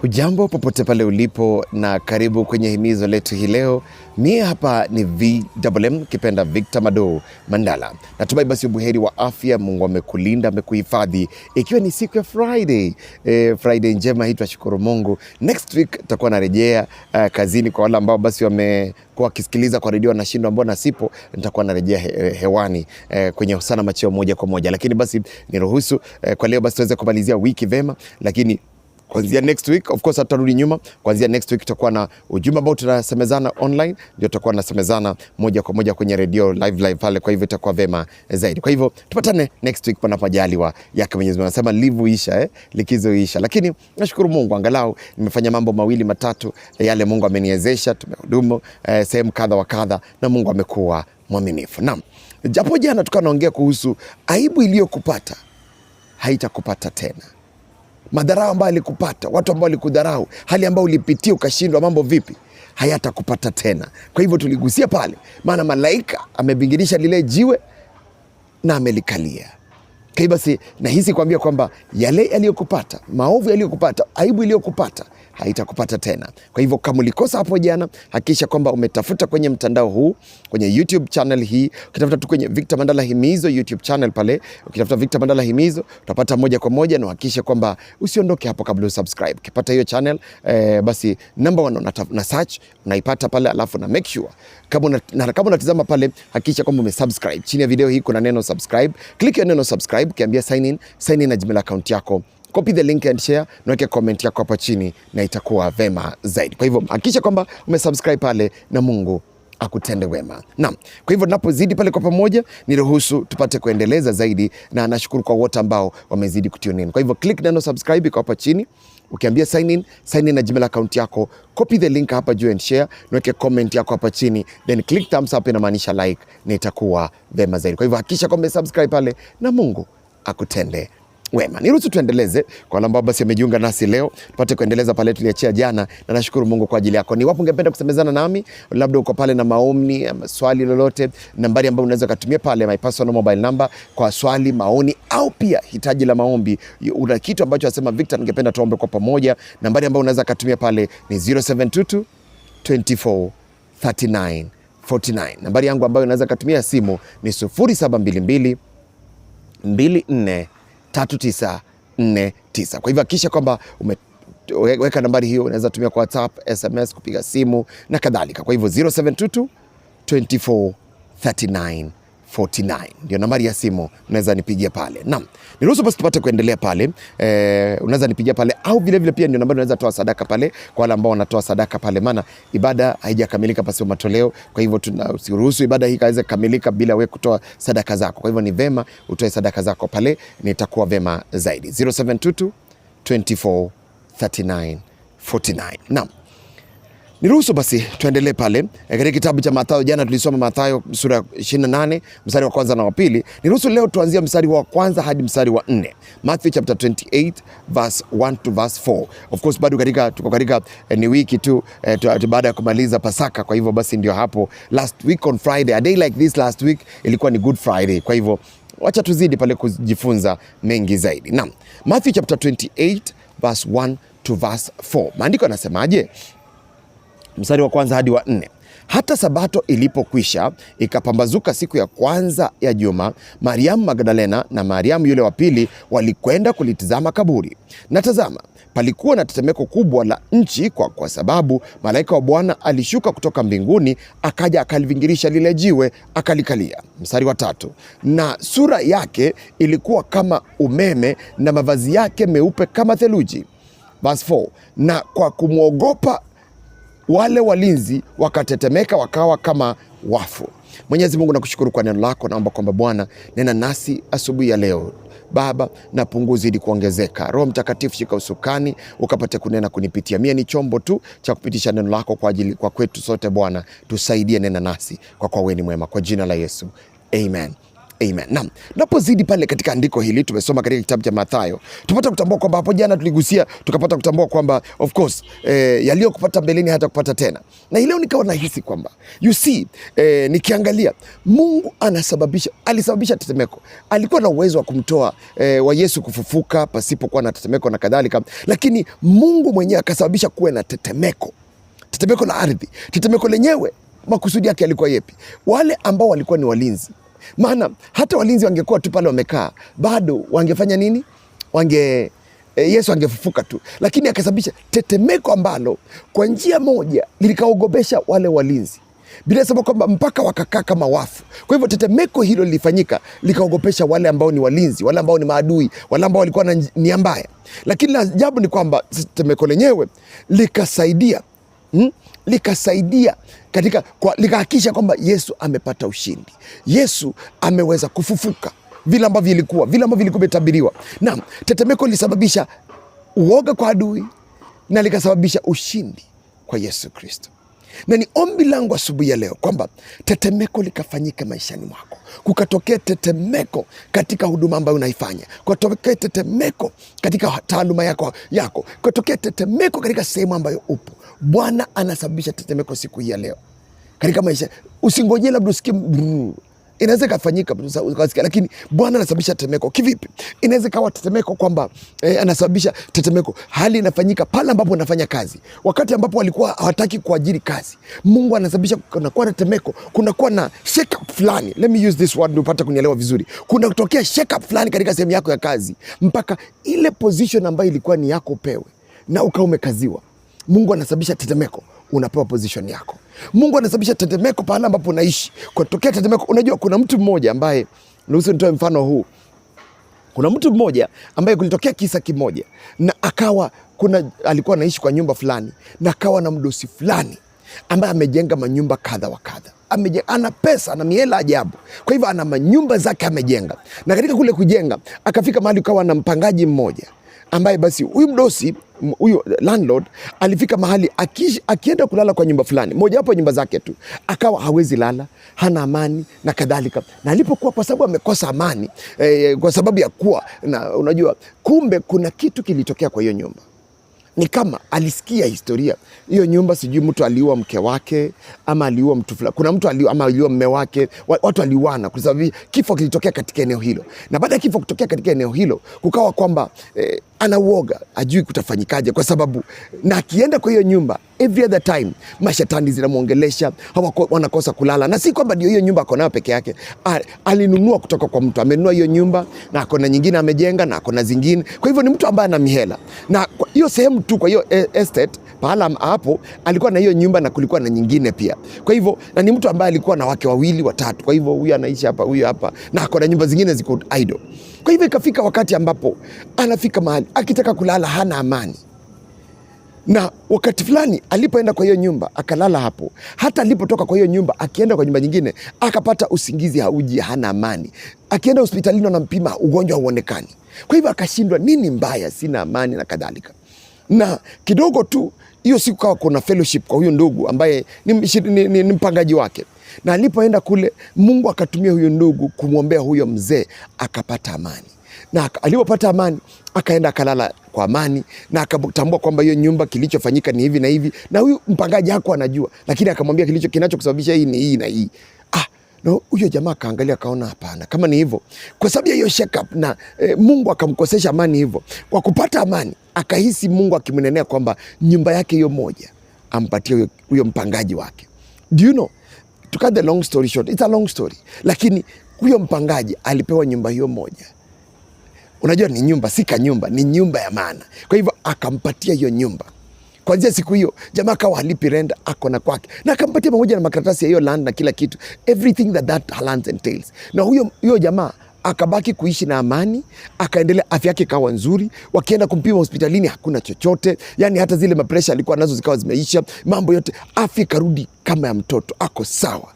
Hujambo popote pale ulipo na karibu kwenye himizo letu hii leo. Mie hapa ni VMM kipenda Victor Mado Mandala. Natumai basi ubuheri wa afya, Mungu amekulinda amekuhifadhi, ikiwa ni siku ya Friday e, Friday njema hii, tunashukuru Mungu. Next week tutakuwa narejea uh, kazini. Kwa wale ambao basi wame wakisikiliza kwa redio wanashindwa, ambao nasipo, nitakuwa narejea he, eh, hewani eh, kwenye sana macheo moja kwa moja, lakini basi niruhusu eh, kwa leo basi tuweze kumalizia wiki vema, lakini kuanzia next week, of course hatarudi nyuma. Kuanzia next week tutakuwa na ujumbe ambao tunasemezana online, ndio tutakuwa nasemezana moja kwa moja kwenye redio live live pale, kwa hivyo itakuwa vema zaidi. Kwa hivyo tupatane next week panapo majaliwa yake Mwenyezi Mungu. Anasema live uisha, eh, likizo uisha. lakini nashukuru Mungu angalau nimefanya mambo mawili matatu yale Mungu ameniwezesha, tumehudumu eh, sehemu kadha wa kadha, na Mungu amekuwa mwaminifu. Naam, japo jana tukaanaongea kuhusu aibu iliyokupata haitakupata tena madharau ambayo alikupata, watu ambao walikudharau, hali ambayo ulipitia ukashindwa mambo vipi, hayatakupata tena. Kwa hivyo tuligusia pale, maana malaika amebingirisha lile jiwe na amelikalia. Kai basi, nahisi kuambia kwamba yale yaliyokupata, maovu yaliyokupata, aibu iliyokupata haitakupata tena. Kwa hivyo kama ulikosa hapo jana, hakikisha kwamba umetafuta kwenye mtandao huu, kwenye YouTube channel hii, ukitafuta tu kwenye Victor Mandala Himizo YouTube channel pale, ukitafuta Victor Mandala Himizo utapata moja kwa moja, na hakikisha kwamba usiondoke hapo kabla usubscribe. Ukipata hiyo channel eh, basi number one una, una search unaipata pale, alafu na make sure kama una, kama unatazama pale, hakikisha kwamba umesubscribe. Chini ya video hii kuna neno subscribe, click ya neno subscribe subscribe, kiambia sign in, sign in na Gmail account yako, copy the link and share, na weke comment yako hapo chini, na itakuwa vema zaidi. Kwa hivyo hakikisha kwamba umesubscribe pale, na Mungu akutende wema. Naam, kwa hivyo tunapozidi pale kwa pamoja, niruhusu tupate kuendeleza zaidi, na nashukuru kwa wote ambao wamezidi kutune in. Kwa hivyo click neno subscribe kwa hapa chini, ukiambia sign in, sign in na Gmail account yako, copy the link hapa juu and share, niweke comment yako hapa chini, then click thumbs up inamaanisha like, na itakuwa vema zaidi. Kwa hivyo hakikisha kwamba subscribe pale, na Mungu akutende wema. Niruhusu tuendeleze kwa wale ambao basi wamejiunga nasi leo, tupate kuendeleza pale tuliachia jana, na nashukuru Mungu kwa ajili yako. Ni wapo ungependa kusemezana nami, labda uko pale na maoni, um, swali lolote, nambari ambayo unaweza ukatumia pale, my personal mobile number, kwa swali, maoni au pia hitaji la maombi. Una kitu ambacho asema Victor, ningependa tuombe kwa pamoja. Nambari ambayo unaweza ukatumia pale ni 0722 24 39 49. Nambari yangu ambayo unaweza katumia simu ni 0722 243949. Kwa hivyo hakikisha kwamba umeweka nambari hiyo, unaweza tumia kwa WhatsApp, SMS, kupiga simu na kadhalika. Kwa hivyo 0722 2439 49 ndio nambari ya simu, unaweza nipigia pale. Naam, niruhusu basi tupate kuendelea pale e, unaweza nipigia pale au vile vile pia ndio nambari unaweza toa sadaka pale, kwa wale ambao wanatoa sadaka pale, maana ibada haijakamilika pasipo matoleo. Kwa hivyo tunasiruhusu ibada hii kaweze kukamilika bila wewe kutoa sadaka zako. Kwa hivyo ni vema utoe sadaka zako pale, nitakuwa vema zaidi. 0722 24 39 49. Naam. Niruhusu basi tuendelee pale e, katika kitabu cha Mathayo. Jana tulisoma Mathayo sura ya 28 mstari wa kwanza na wa pili. Niruhusu leo tuanzie mstari wa kwanza hadi mstari wa nne. Matthew chapter 28 verse 1 to verse 4. Of course bado katika tuko katika eh, ni wiki tu eh, baada ya kumaliza Pasaka, kwa hivyo basi ndio hapo last week on Friday, a day like this last week ilikuwa ni Good Friday, kwa hivyo wacha tuzidi pale kujifunza mengi zaidi. Naam, Matthew chapter 28 verse 1 to verse 4. Maandiko yanasemaje? mstari wa kwanza hadi wa nne. Hata sabato ilipokwisha, ikapambazuka siku ya kwanza ya juma, Mariamu Magdalena na Mariamu yule wa pili walikwenda kulitizama kaburi. Na tazama, palikuwa na tetemeko kubwa la nchi, kwa, kwa sababu malaika wa Bwana alishuka kutoka mbinguni, akaja akalivingirisha lile jiwe akalikalia. Mstari wa tatu, na sura yake ilikuwa kama umeme na mavazi yake meupe kama theluji. Verse 4, na kwa kumwogopa wale walinzi wakatetemeka, wakawa kama wafu. Mwenyezi Mungu, nakushukuru kwa neno lako. Naomba kwamba Bwana, nena nasi asubuhi ya leo Baba, na pungu kuongezeka. Roho Mtakatifu, shika usukani ukapate kunena kunipitia mie, ni chombo tu cha kupitisha neno lako kwa ajili kwa kwetu sote. Bwana tusaidie, nena nasi kwa kwa weni mwema, kwa jina la Yesu, amen. Amen. Naam, napozidi pale katika andiko hili tumesoma katika kitabu cha Mathayo, tupata kutambua kwamba hapo jana tuligusia, tukapata kutambua kwamba of course eh, yaliyokupata mbeleni hata kupata tena, na leo nikawa nahisi kwamba you see eh, nikiangalia Mungu anasababisha, alisababisha tetemeko, alikuwa na uwezo wa kumtoa eh, wa Yesu kufufuka pasipokuwa na tetemeko na kadhalika, lakini Mungu mwenyewe akasababisha kuwe na tetemeko, tetemeko la ardhi. Tetemeko lenyewe makusudi yake yalikuwa yepi? Wale ambao walikuwa ni walinzi maana hata walinzi wangekuwa tu pale wamekaa, bado wangefanya nini? Wange e, Yesu angefufuka tu, lakini akasababisha tetemeko ambalo kwa njia moja lilikaogopesha wale walinzi. bila inasema kwamba mpaka wakakaa kama wafu. Kwa hivyo tetemeko hilo lilifanyika likaogopesha wale ambao ni walinzi, wale ambao ni maadui, wale ambao walikuwa na nia mbaya. Lakini la ajabu ni kwamba tetemeko lenyewe likasaidia hmm? likasaidia katika kwa, likahakikisha kwamba Yesu amepata ushindi. Yesu ameweza kufufuka vile ambavyo ilikuwa vile ambavyo ilikuwa imetabiriwa. Naam, tetemeko lilisababisha uoga kwa adui na likasababisha ushindi kwa Yesu Kristo. Na ni ombi langu asubuhi ya leo kwamba tetemeko likafanyika maishani mwako, kukatokea tetemeko katika huduma ambayo unaifanya, kukatokea tetemeko katika taaluma yako yako, kukatokea tetemeko katika sehemu ambayo upo. Bwana anasababisha tetemeko siku hii ya leo katika maisha. Usingojee labda usikie inaweza ikafanyika ukasikia, lakini Bwana anasababisha tetemeko. Kivipi? Inaweza ikawa tetemeko kwamba eh, anasababisha tetemeko. Hali inafanyika pale ambapo anafanya kazi, wakati ambapo walikuwa hawataki kuajiri kazi, Mungu anasababisha kunakuwa na tetemeko, kunakuwa na shake up fulani. Let me use this word ndio upate kunielewa vizuri. Kuna kutokea shake up fulani katika sehemu yako ya kazi, mpaka ile position ambayo ilikuwa ni yako upewe na ukawa umekaziwa Mungu anasababisha tetemeko, unapewa position yako. Mungu anasababisha tetemeko pahala ambapo unaishi, kutokea tetemeko. Unajua kuna mtu mmoja ambaye, ruhusu nitoe mfano huu. Kuna mtu mmoja ambaye kulitokea kisa kimoja, na akawa kuna alikuwa anaishi kwa nyumba fulani, na akawa na mdosi fulani ambaye amejenga manyumba kadha wa kadha ana pesa ana miela ajabu, kwa hivyo ana manyumba zake amejenga. Na katika kule kujenga akafika mahali ukawa na mpangaji mmoja ambaye basi huyu mdosi huyu landlord alifika mahali akish, akienda kulala kwa nyumba fulani, mojawapo nyumba zake tu, akawa hawezi lala, hana amani na kadhalika. Na alipokuwa kwa sababu amekosa amani e, kwa sababu ya kuwa na, unajua kumbe kuna kitu kilitokea kwa hiyo nyumba ni kama alisikia historia hiyo nyumba, sijui mtu aliua mke wake ama aliua mtu fulani, kuna mtu aliua ama aliua mme wake, watu aliuana kwa sababu kifo kilitokea katika eneo hilo. Na baada ya kifo kutokea katika eneo hilo, kukawa kwamba eh, ana uoga, ajui kutafanyikaje, kwa sababu na akienda kwa hiyo nyumba every other time mashetani zinamwongelesha, wanakosa kulala. Na si kwamba ndio hiyo nyumba akonayo peke yake, alinunua kutoka kwa mtu, amenunua hiyo nyumba na akona nyingine amejenga na akona zingine. Kwa hivyo ni mtu ambaye ana mihela, na hiyo sehemu tu, kwa hiyo e, estate pahala hapo alikuwa na hiyo nyumba na kulikuwa na nyingine pia. Kwa hivyo na ni mtu ambaye alikuwa na wake wawili watatu, kwa hivyo huyu anaishi hapa, huyu hapa, na akona nyumba zingine ziko idle. Kwa hivyo ikafika wakati ambapo anafika mahali yaani akitaka kulala hana amani. Na wakati fulani alipoenda kwa hiyo nyumba akalala hapo, hata alipotoka kwa hiyo nyumba akienda kwa nyumba nyingine akapata usingizi hauji, hana amani. Akienda hospitalini wanampima ugonjwa hauonekani, kwa hivyo akashindwa, nini mbaya, sina amani na kadhalika. Na kidogo tu hiyo siku kawa kuna fellowship kwa huyo ndugu ambaye ni, ni, ni, ni mpangaji wake, na alipoenda kule Mungu akatumia huyo ndugu kumwombea huyo mzee akapata amani, na alipopata amani akaenda akalala kwa amani na akatambua kwamba hiyo nyumba kilichofanyika ni hivi na hivi, na huyu mpangaji hako anajua, lakini akamwambia kilicho kinachokusababisha hii ni hii na hii. Ah, no, huyo jamaa akaangalia akaona, hapana, kama ni hivyo, kwa sababu ya hiyo shake up na e, Mungu akamkosesha amani hivyo. Kwa kupata amani akahisi Mungu akimnenea kwamba nyumba yake hiyo moja ampatie huyo mpangaji wake. Do you know? To cut the long story short, it's a long story, lakini huyo mpangaji alipewa nyumba hiyo moja unajua ni nyumba, si kanyumba, ni nyumba ya maana. Kwa hivyo akampatia hiyo nyumba. Kwanzia siku hiyo jamaa akawa halipi renda, ako na kwake, na akampatia pamoja na makaratasi ya hiyo land na kila kitu, everything that that land entails. Na huyo hiyo jamaa akabaki kuishi na amani, akaendelea, afya yake ikawa nzuri. Wakienda kumpima hospitalini hakuna chochote, yani hata zile mapresha alikuwa nazo zikawa zimeisha, mambo yote, afya ikarudi kama ya mtoto, ako sawa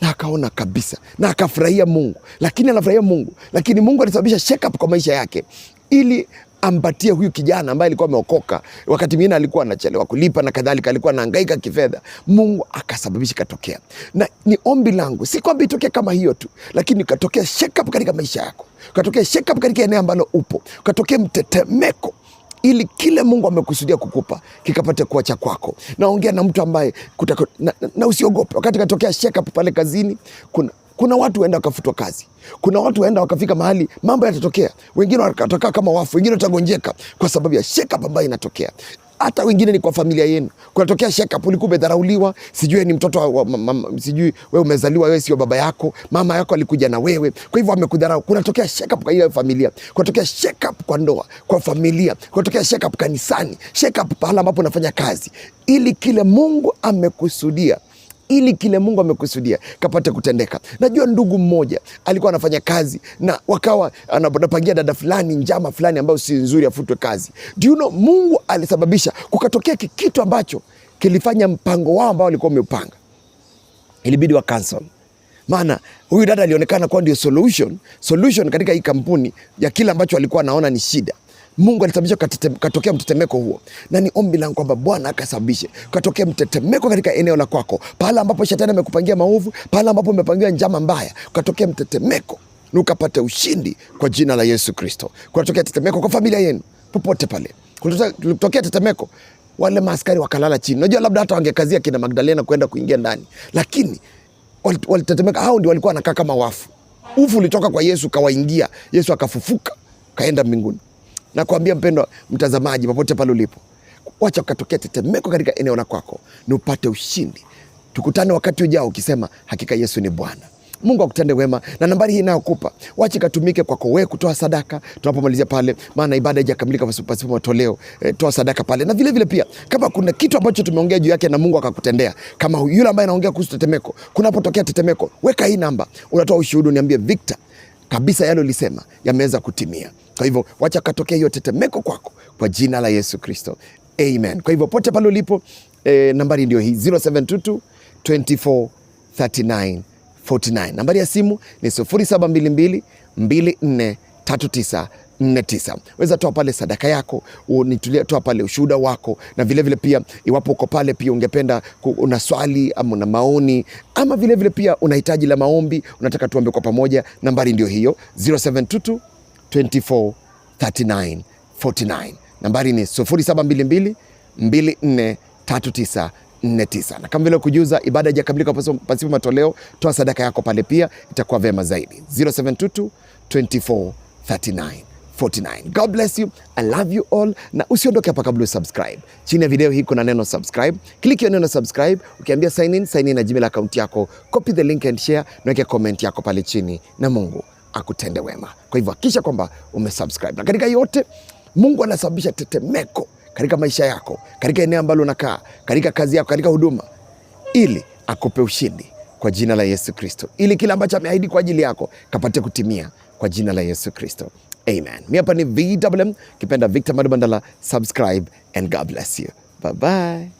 na akaona kabisa na akafurahia Mungu, lakini anafurahia Mungu, lakini Mungu alisababisha shake up kwa maisha yake ili ampatie huyu kijana ambaye alikuwa ameokoka. Wakati mwingine alikuwa anachelewa kulipa na kadhalika, alikuwa anahangaika kifedha. Mungu akasababisha ikatokea, na ni ombi langu si kwamba itokee kama hiyo tu, lakini ukatokea shake up katika maisha yako, ukatokea shake up katika eneo ambalo upo, ukatokea mtetemeko ili kile Mungu amekusudia kukupa kikapate kuwa cha kwako. Naongea na mtu ambaye kutako, na, na usiogope wakati katokea sheka pale kazini. Kuna, kuna watu waenda wakafutwa kazi, kuna watu waenda wakafika mahali mambo yatatokea, wengine watakaa kama wafu, wengine watagonjeka kwa sababu ya sheka ambayo inatokea hata wengine ni kwa familia yenu. Kunatokea shakeup, ulikuwa umedharauliwa, sijui ni mtoto wa, mama, sijui wewe umezaliwa wewe sio baba yako, mama yako alikuja na wewe, kwa hivyo amekudharau. Kunatokea shakeup kwa ile familia, kunatokea shakeup kwa ndoa, kwa familia, kunatokea shakeup kanisani, shakeup pahala ambapo unafanya kazi, ili kile Mungu amekusudia ili kile Mungu amekusudia kapate kutendeka. Najua ndugu mmoja alikuwa anafanya kazi na wakawa anapangia dada fulani njama fulani ambayo si nzuri, afutwe kazi. Do you know, Mungu alisababisha kukatokea kikitu ambacho kilifanya mpango wao ambao walikuwa wameupanga, ilibidi wa cancel maana huyu dada alionekana kuwa ndio solution, solution katika hii kampuni ya kile ambacho alikuwa anaona ni shida. Mungu alisababisha katokea mtetemeko huo, na ni ombi langu kwamba Bwana akasababishe katokea mtetemeko katika eneo la kwako, pahala ambapo shetani amekupangia maovu, pahala ambapo umepangiwa njama mbaya, katokea mtetemeko na ukapate ushindi kwa jina la Yesu Kristo. Kunatokea tetemeko kwa familia yenu, popote pale kulitokea tetemeko, wale maaskari wakalala chini. Najua labda hata wangekazia kina Magdalena kwenda kuingia ndani, lakini walitetemeka. Hao ndio walikuwa wanakaa kama wafu. Ufu ulitoka kwa Yesu, kawaingia Yesu, akafufuka kaenda mbinguni. Nakwambia mpendwa mtazamaji, popote pale ulipo, wacha ukatokea tetemeko katika eneo la kwako ni upate ushindi. Tukutane wakati ujao ukisema hakika Yesu ni Bwana. Mungu akutende wema, na nambari hii inayokupa wacha ikatumike kwako wewe kutoa sadaka tunapomalizia pale, maana ibada haijakamilika pasipo matoleo. E, toa sadaka pale, na vilevile vile pia kama kuna kitu ambacho tumeongea juu yake na Mungu akakutendea, kama yule ambaye anaongea kuhusu tetemeko, kunapotokea tetemeko, weka hii namba, unatoa ushuhudu, niambie Victor, kabisa yale ulisema yameweza kutimia. Kwa hivyo wacha katokea hiyo tetemeko kwako kwa jina la Yesu Kristo, amen. Kwa hivyo pote pale ulipo e, nambari ndio hii 0722 24 39 49. Nambari ya simu ni 0722 24 3949. Weza toa pale sadaka yako, unitulia, toa pale ushuhuda wako, na vilevile vile pia, iwapo uko pale pia ungependa una swali ama una maoni ama vilevile vile pia unahitaji la maombi, unataka tuombe kwa pamoja, nambari ndio hiyo 0722 24 Nambari ni 0722 Na kama vile kujuza ibada haijakamilika pasipo matoleo, toa sadaka yako pale pia, itakuwa vema zaidi. 0722 God bless you. I love you all, na usiondoke hapa kabla usubscribe. Chini ya video hii kuna neno subscribe, kliki hiyo neno subscribe. Ukiambia sign in, sign in na Gmail account yako, copy the link and share, na weke comment yako pale chini, na Mungu akutende wema. Kwa hivyo hakikisha kwamba umesubscribe, na katika yote Mungu anasababisha tetemeko katika maisha yako, katika eneo ambalo unakaa, katika kazi yako, katika huduma, ili akupe ushindi kwa jina la Yesu Kristo, ili kila ambacho ameahidi kwa ajili yako kapate kutimia kwa jina la Yesu Kristo, amen. Mi hapa ni VMM kipenda Victor Mandala. Subscribe and God bless you. Bye bye.